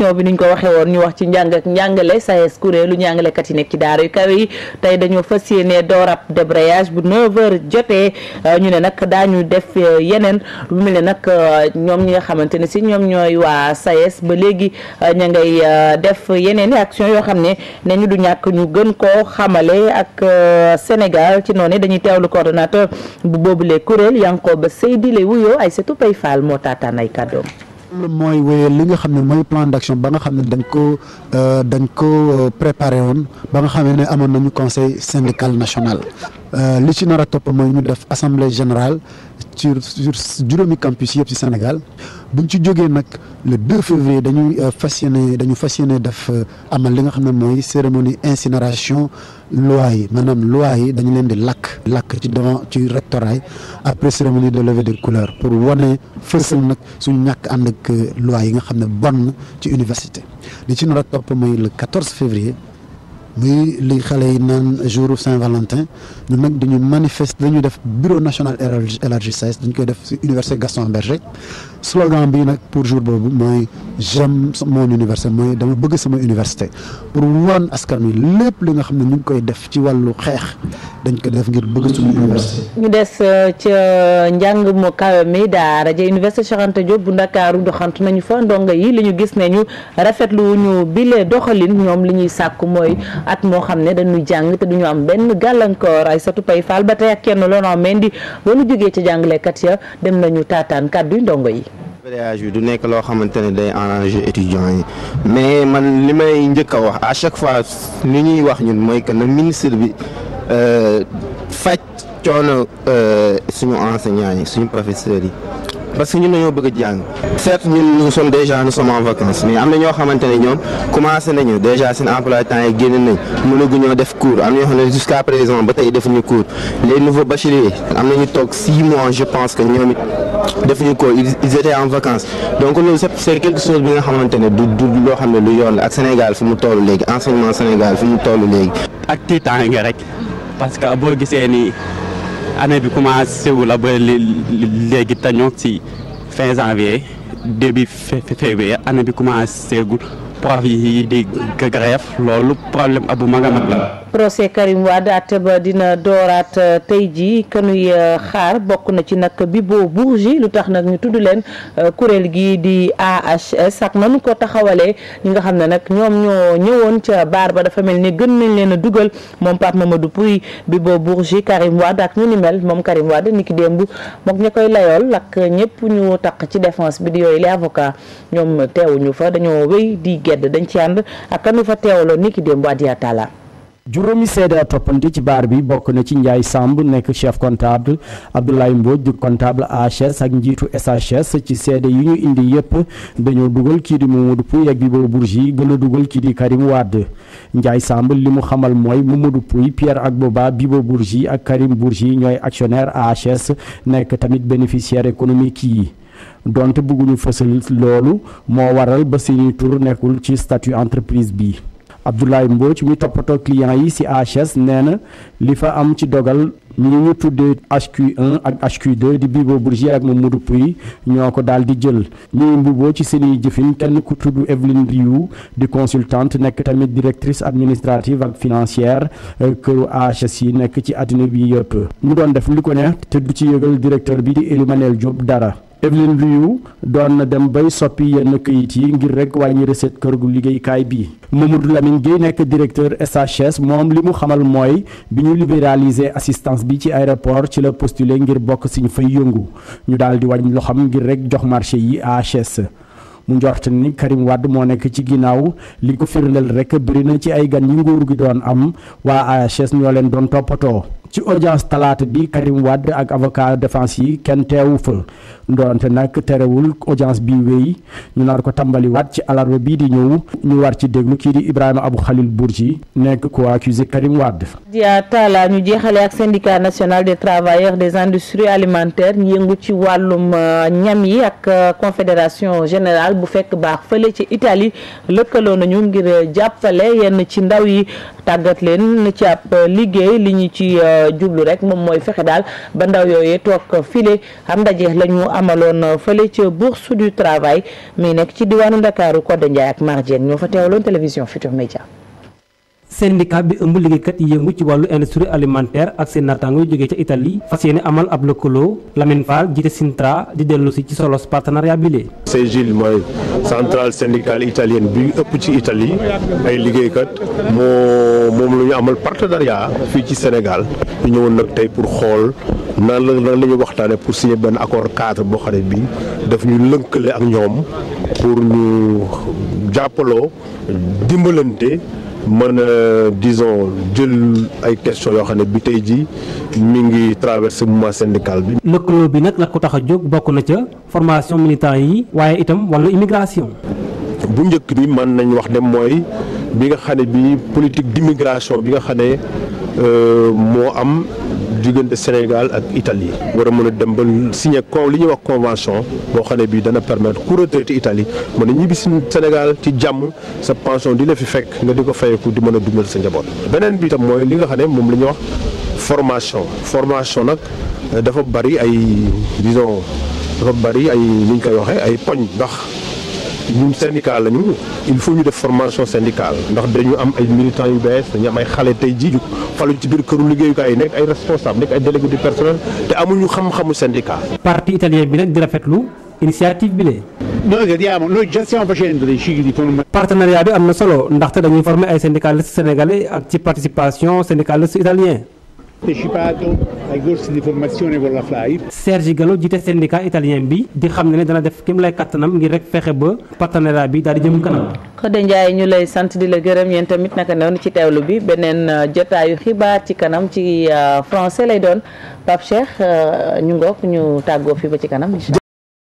ñoo bi niñ ko waxee woon ñu wax ci njàng ak njàngale saes kuréelu njàngalekat yi ci débrayage bu 9 heures jotee ñu ne nag daañu def yeneen lu mel ne nag ñoom ñi nga xamante ne si ñoom ñooy saes ba ña ngay def action ñu du ñu gën ak Sénégal ci noonu dañuy teewlu coordonnateur bu boobule kuréel Yankoba Seydi lay wuyoo ay setu pay faal moy wéyal li nga xamné moy plan d'action ba nga xamné dañ ko euh, dañ ko euh, préparer won ba nga xamné ne amoon nañu conseil syndical national euh li ci nar a topp ñu def assemblée générale sur sur juróomi campus yépp ci Sénégal buñ ci joggé nak le 2 février dañuy euh, fas dañu fas yéene def amal li nga xamné moy cérémonie incinération loi Madame loi yi dañu leen di lakk ci devant ci rectorat après après cérémonie de levée de couleur pour voir fësal nak suñ ñak and ak euh, loi yi nga bonne bonne ci université li ci nar le 14 février muy li xalé yi naan jour Saint-Valentin ñun nag dañu manifester dañu def bureau national élargi SAES dañ koy def ci université Gaston Berger slogan bi nak pour jour boobu moy j'aime mon université moy dama bëgg sama université pour wan askan wi lepp li nga xamné ñu koy def ci walu xex dañ ko def ngir bëgg sama université. ñu dess euh, ci euh, njang mo kawe mi da ja université Cheikh Anta Diop bu Ndakaaru doxantu nañu fa ndonga yi li ñu gis né ñu rafetlu ñu bile doxalin ñom li ñuy sàkk moy at moo xam ne dañuy jàng te duñu am benn gàllankoor ay satu pay faal ba tey ak kenn Laurent Mendy ba nu jógee ci jàngalekat ya dem nañu taataan kàddu ndongo yi. péage du nekk loo xamante ne day arranger étudiants yi mais man li may njëkk a wax à chaque fois li ñuy wax ñun mooy que le ministre bi euh, faj coono euh, suñu enseignants yi suñu professeurs yi. parce que ñun dañoo bëgg jàng certes ñun nous sommes déjà nous sommes en vacances mais am na ñoo xamante ne commencé nañu déjà un emploi de temps yi génn nañ mënaguñoo def cours am ñoo xam jusqu'à présent ba tey defuñu cours les nouveaux bacheliers am nañu toog six mois je pense que ñoom it defuñu cours ils étaient en vacances donc loolu c'est quelque chose bi nga xamante ne du du loo xam lu yoon ak Sénégal fu mu toll enseignement Sénégal fu mu toll léegi ak tiitaange rek parce que boo gisee nii année bi commencé wu la ba léegi tañoo ci fin janvier début février année bi commencé gu prof yi di grève loolu problème abu mag a mag la procès Karim Wade àtte ba dina dooraat euh, tey jii kanuy euh, xaar bokk na ci nag Bibo Bourgi lu tax nag ñu tudd leen euh, kuréel gi di AHS ak nanu ko taxawalee ñi nga xam ne nag ñoom ñoo ñëwoon ca baar ba dafa mel ni gën nañ leen a dugal moom Pape Mamadou Pouy Bibo boo Karim Wade ak ñu ni mel moom Karim Wade niki démb mook ña koy layool ak ñëpp ñu taq ci défense bi di yooyu les avocats ñoom teewuñu fa dañoo wéy di gedd dañ ci ànd ak kanu fa teewaloon niki démb Adia juróomi seede a toppante ci baar bi bokk na ci Ndiaye Samb nekk chef comptable Abdoulaye Mbodj di comptable AHS ak njiitu SHS ci seede yi ñu indi yëpp dañoo dugal kii di Mamadou Pouye ak Bibo Bourgi gën a dugal kii di Karim Wade Ndiaye Samb li mu xamal mooy Mamadou Pouye Pierre Agboba Bibo Bourgi ak Karim Bourgi ñooy actionnaire AHS nekk tamit bénéficiaire economique yi donte bëgguñu fësal loolu moo waral ba seeni tur nekkul ci statut entreprise bi Abdoulaye Mbodj mi toppatoo client yi ci AHS nee na li fa am ci dogal ñu ñu tuddee HQ1 ak HQ2 di Bibo Bourgi ak Mamadou Pouy ñoo ko daal di jël ñuy mbuboo ci seeni jëfin kenn ku tudd Evelyne Rioux di consultante nekk tamit directrice administrative ak financière euh, këru hs yi nekk ci àddina bi yëpp mu doon def li ko neex te du ci yëgal directeur bi di Elimanel Diop dara Evelyne Luyu doon na dem bay soppi yenn kayit yi ngir rek wàññi recette kër gu liggéeykaay bi Mamadou Lamine Guèye nekk directeur SHS moom li mu xamal mooy bi ñu libéraliser assistance bi ci aéroport ci la postuler ngir bokk si ñu fay yëngu ñu daal di wàññi xam ngir rek jox marché yi AHS. mu njorte ni Karim Wade moo nekk ci ginnaaw li ko firndeel rek bëri na ci ay gan yi nguur gi doon am waa AHS ñoo leen doon toppatoo. ci audience talaata bi Karim wadd ak avocat défense yi kenn teewu fa ndoonte nag terewul audience bi wéy ñu nar ko tàmbaliwaat ci alarba bii di ñëw ñu war ci déglu kii di Ibrahima abu Khalil Bourgi nekk ko accusé Karim Wade. Dia Talla ñu jeexale ak syndicat national des travailleurs des industries alimentaires ñu yëngu ci wàllum euh, ñam yi ak euh, confédération général bu fekk baax fële ci Italie lëkkaloo nañu ngir euh, jàppale yenn ci ndaw yi tàggat leen liggéey li jublu rek moom mooy fexe daal ba ndaw yooye toog file am ndaje la ñu amaloon fële ca bourse du travail mais nekk ci diwaanu Ndakaaru Codé Ndiaye ak Mar Diène ñoo fa teewaloon télévision Futurs média syndicat bi ëmb liggéeykat yi yëngu ci wàllu industrie alimentaire ak seen naataango yu jógee Italie fas amal ab lëkkaloo Lamine Fall jiite Sintra di dellu si ci solos partenariat bi lee CGIL mooy centrale syndicale italienne bi ëpp ci Italie ay liggéeykat moo moom la ñu amal partenariat fii ci Sénégal ñu ñëwoon nag tey pour xool nan la nan la ñu waxtaane pour signer benn accord cadre boo xam bi daf ñu lënkale ak ñoom pour ñu jàppaloo dimbalante mën a disons jël ay questions yoo xam ne bi tey jii mi ngi traversé mouvement syndical bi. lëkkaloo bi nag la ko tax a jóg bokk na ca formation militant yi waaye itam wàllu immigration. bu njëkk bi mën nañ wax dem mooy bi nga xam ne bi politique d'immigration bi nga xam ne Euh, moo am diggante Sénégal ak Italie war a mën a dem ba signé ko li ñuy wax convention boo xam ne bii dana permettre ku retraité Italie mën a ñibbi si Sénégal ci jàmm sa pension di la fi fekk nga di ko fayeku di mën a dundal sa njaboot. beneen bi tam mooy li nga xam ne moom la ñuy wax formation formation nag dafa bari ay disons dafa bari ay ni koy waxee ay poñ ndax. ñun syndicat lañu il faut ñu def formation syndicale ndax dañu am ay militants yu bees dañu am ay xale tey jii ñu faluñ ci biir këru liggéeyukaay yi nekk ay responsable nekk ay délégué du personnel te amuñu xam-xamu syndicat. parti italien bi nag di rafetlu initiative bi lee. noi vediamo noi già stiamo facendo dei cicli di formazione. partenariat bi am na solo ndaxte dañuy former ay syndicalistes sénégalais ak ci participation syndicalistes italiens. partecipato ai corsi di formazione con la FLAI. Sergi Gallo jiite syndicat italien bi di xam ne dana def kem lay kattanam ngir rek fexe ba partenariat bi daal di jëm kanam. Xodé Ndiaye ñu lay sant di la gërëm yéen tamit naka noonu ci teewlu bi beneen euh, jotaayu xibaar ci kanam ci euh, français lay doon Pape Cheikh euh, ñu ngoog ñu tàggoo fi ba ci kanam.